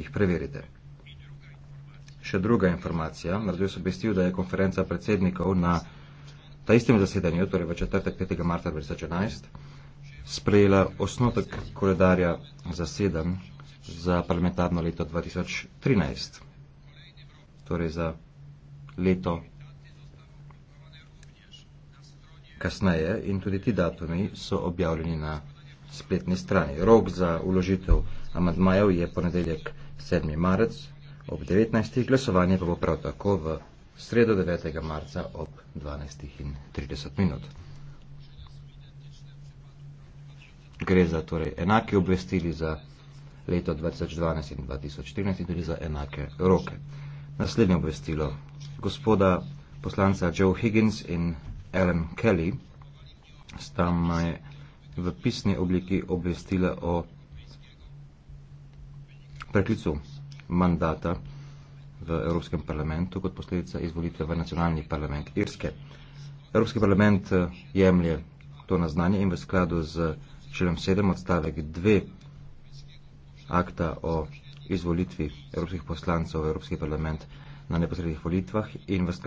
jih preverite. Še druga informacija. Radio se obvestil, da je konferenca predsednikov na ta istem zasedanju, torej v četrtek 5. marta 2011, sprejela osnotek koledarja za sedem za parlamentarno leto 2013. Torej za leto kasneje in tudi ti datumi so objavljeni na spletni strani. Rok za uložitev amadmajev je ponedeljek 7. marec ob 19. glasovanje pa bo prav tako v sredo 9. marca ob 12.30 minut. Gre za torej enake obvestili za leto 2012 in 2014 in tudi za enake roke. Naslednje obvestilo gospoda poslanca Joe Higgins in Ellen Kelly sta me v pisni obliki obvestila o preklicu mandata v Evropskem parlamentu kot posledica izvolitve v nacionalni parlament Irske. Evropski parlament eh, jemlje to na znanje in v skladu z členom 7 odstavek 2 akta o izvolitvi evropskih poslancev v Evropski parlament na neposrednih volitvah in v skladu